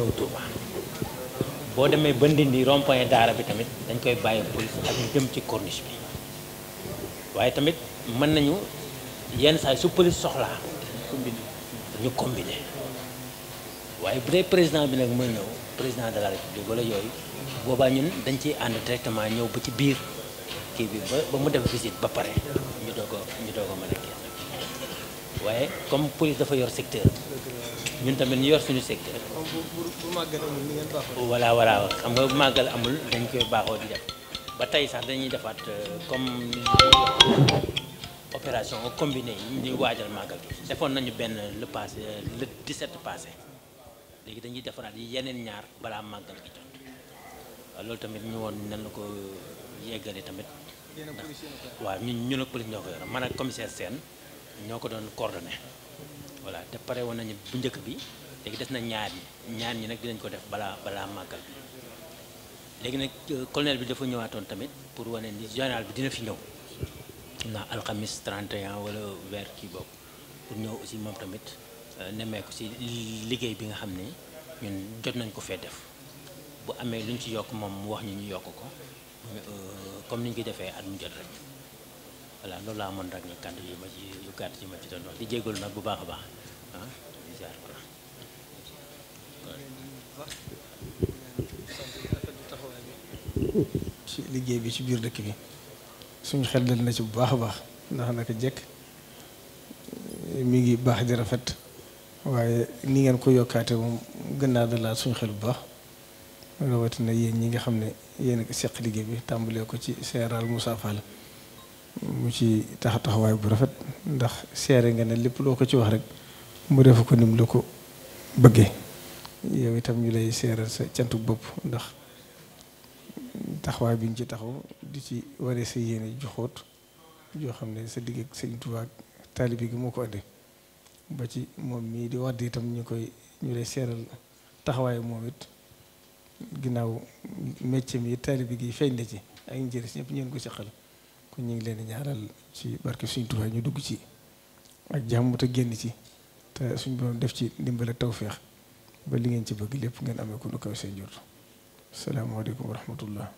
ñëw boo demee ba Ndindi rond daara bi tamit dañ koy bàyyi police ak ñu jëm ci corniche bi waaye tamit mën nañu yenn saay su police soxlaa ñu combiné waaye bu dee président bi nag mooy ñëw président de la république wala yooyu boobaa ñun dañ ciy ànd directement ñëw ba ci biir kii bi ba ba mu def visite ba pare ñu doog a ñu doog waaye comme police dafa yor secteur ñun tamit ñu yor suñu secteur. voilà voilà xam nga bu màggal amul dañ koy baaxoo di def ba tey sax dañuy defaat euh, comme opération combinée yi ñuy waajal màggal gi defoon nañu benn le passé euh, le 17 passé léegi dañuy defaraat yi yeneen ñaar balaa màggal gi jot waaw loolu tamit ñu woon nan la ko yeggale tamit. waaw ñun ñun ak police ñoo ko yor man ak commissaire seen ñoo ko doon coordonné. voilà te pare woon nañu bu njëkk bi léegi des na ñaar ñi ñaar ñi nag dinañ ko def balaa balaa màggal léegi nag euh, colonel bi dafa ñëwaatoon tamit pour wane ni général bi dina fi ñëw xam naa alxamis 31 wala weer kii boobu pour ñëw aussi moom tamit euh, nemmeeku si liggéey bi nga xam ne ñun jot nañ ko fee def bu amee lu ñu ci yokk moom mu wax ñu ñu yokk ko euh, comme ni ñu ko defee at mu jot rek. voilà loolu laa amoon rek kàddu yi ma ci yi ma ci doon wax di jégalu nag bu baax a ah, liggéey bi ci biir dëkk bi suñu xel dal na ci bu baax a baax ndax naka jekk eh, mi ngi baax di rafet waaye ni ngeen ko yokkaate moom gën naa dalaat suñu xel bu baax na yéen ñi nga xam ne yéen a seq liggéey bi tàmbalee ko ci seeral Moussa Fall mu ci tax taxawaay bu rafet ndax seere nga ne lépp loo ko ci wax rek mu def ko nim la ko bëggee yow itam ñu lay seeral sa cantu bopp ndax taxawaay bi ñu ci taxaw di ci waree sa yéene joxoot joo xam ne sa digg ak Sëñ Tuubaa ak gi moo ko andi ba ci moom mii di wax di itam ñu koy ñu lay seeral taxawaayu moom it ginnaaw mii mi taalibe gi feeñ na ci ak njëriñ ñëpp ñeen ko ci xel kon ñu ngi leen di ñaanal ci barke suñu Tuubaa ñu dugg ci ak jàmm te génn ci te suñu borom def ci ndimbal ak tawféex ba li ngeen ci bëgg lépp ngeen amee ku nu kaw seen jot salaamaaleykum wa rahmatullah